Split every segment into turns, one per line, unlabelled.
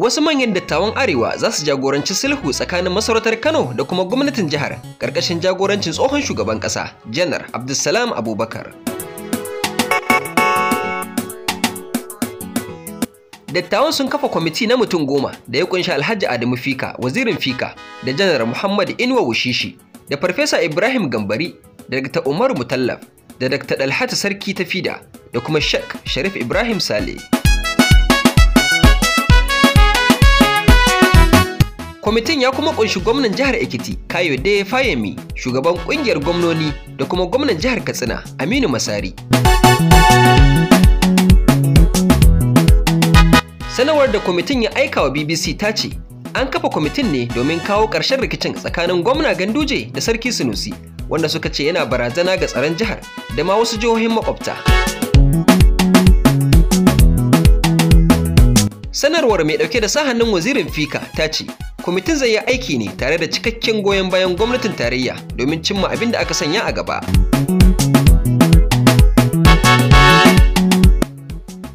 Wasu manyan dattawan Arewa za su jagoranci sulhu tsakanin masarautar Kano da kuma gwamnatin jihar ƙarƙashin jagorancin tsohon shugaban ƙasa, Janar Abdulsalam Abubakar. Dattawan sun kafa kwamiti na mutum goma da ya kunshi Alhaji Adamu Fika, wazirin Fika, da Janar Muhammad Inuwa Wushishi, da Farfesa Ibrahim Gambari, da Dr. Umaru Mutallaf, da Dr. Dalhatu Sarki Tafida, da kuma shek Sharif Ibrahim Saleh. kwamitin ya kuma kunshi gwamnan jihar ekiti kayode fayemi shugaban kungiyar gwamnoni da kuma gwamnan jihar katsina aminu masari Sanawar da kwamitin ya aika wa bbc ta ce an kafa kwamitin ne domin kawo ƙarshen rikicin tsakanin gwamna ganduje da sarki sunusi wanda suka ce yana barazana ga tsaron jihar da ma wasu jihohin makwabta sanarwar mai ɗauke da sa hannun wazirin fika ta ce kwamitin zai yi aiki ne tare da cikakken goyon bayan gwamnatin tarayya domin cimma abin da aka sanya a gaba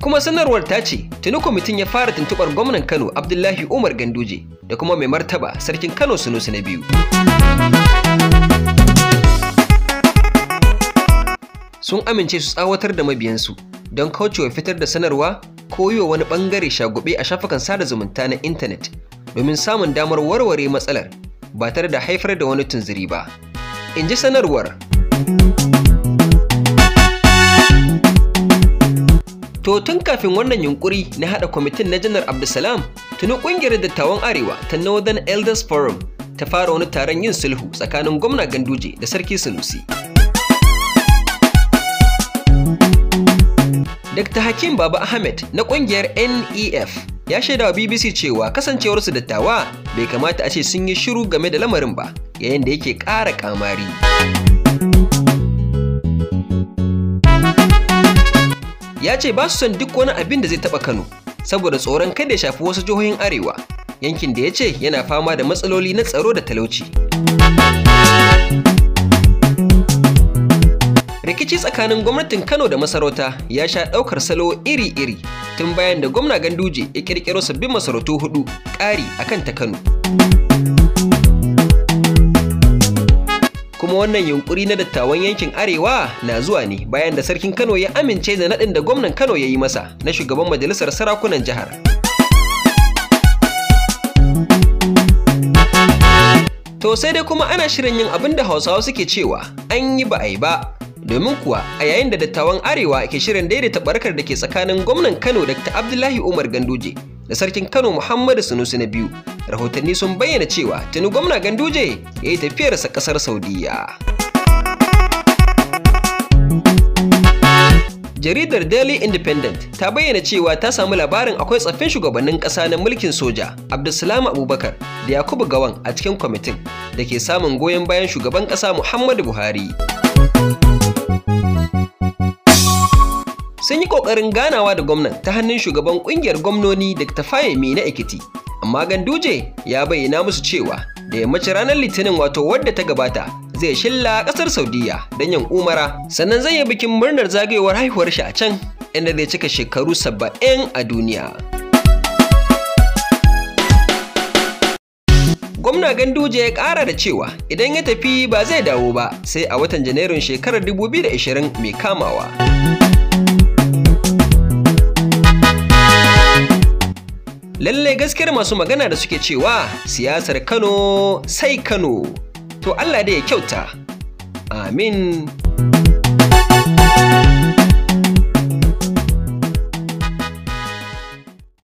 kuma sanarwar ta ce tuni kwamitin ya fara tuntuɓar gwamnan kano abdullahi umar ganduje da kuma mai martaba sarkin kano sunusu na biyu sun amince su tsawatar da mabiyansu don kaucewa fitar da sanarwa ko yi wa wani bangare shagube a shafukan sada zumunta na intanet domin samun damar warware matsalar ba tare da haifar da wani tunziri ba in ji sanarwar to tun kafin wannan yunkuri na haɗa kwamitin na janar abdulsalam tuni ƙungiyar dattawan arewa ta northern elders forum ta fara wani taron yin sulhu tsakanin gwamna ganduje da sarki sanusi dr hakim baba ahmed na ƙungiyar nef ya shaidawa BBC cewa kasancewar su dattawa bai kamata a ce sun yi shiru game da lamarin ba yayin da yake ƙara ƙamari. Ya ce ba su son duk wani abin da zai taɓa Kano saboda tsoron kada ya shafi wasu jihohin Arewa yankin da ya ce yana fama da matsaloli na tsaro da talauci. Rikici tsakanin gwamnatin Kano da masarauta ya sha ɗaukar salo iri-iri tun bayan da gwamna ganduje ya kirkiro sabbin masarautu hudu ƙari kan ta kano kuma wannan yunkuri na dattawan yankin arewa na zuwa ne bayan da sarkin kano ya amince da naɗin da gwamnan kano ya yi masa na shugaban majalisar sarakunan jihar to sai dai kuma ana shirin yin abin da hausawa suke cewa an yi ba a yi ba domin kuwa a yayin da dattawan arewa ke shirin daidaita barkar da ke tsakanin gwamnan kano dr abdullahi umar ganduje da sarkin kano muhammadu sunusi na biyu rahotanni sun bayyana cewa tuni gwamna ganduje ya yi tafiyarsa kasar saudiya jaridar daily independent ta bayyana cewa ta samu labarin akwai tsaffin shugabannin ƙasa na mulkin soja abdulsalam abubakar da yakubu gawan a cikin kwamitin da ke samun goyon bayan shugaban ƙasa muhammadu buhari Sun yi ƙoƙarin ganawa da gwamnan ta hannun shugaban ƙungiyar gwamnoni da Tafaye na Ekiti, amma Ganduje ya bayyana musu cewa da yammacin ranar Litinin wato wadda ta gabata zai shilla ƙasar Saudiyya don yin umara, sannan zai yi bikin murnar zagayowar haihuwar shi a can, inda zai cika shekaru saba'in a duniya. Gwamna Ganduje ya ƙara da cewa idan ya tafi ba zai dawo ba sai a watan Janairun shekarar 2020 mai kamawa. Lalle gaskiyar masu magana da suke cewa siyasar Kano sai Kano. To Allah da ya kyauta. Amin.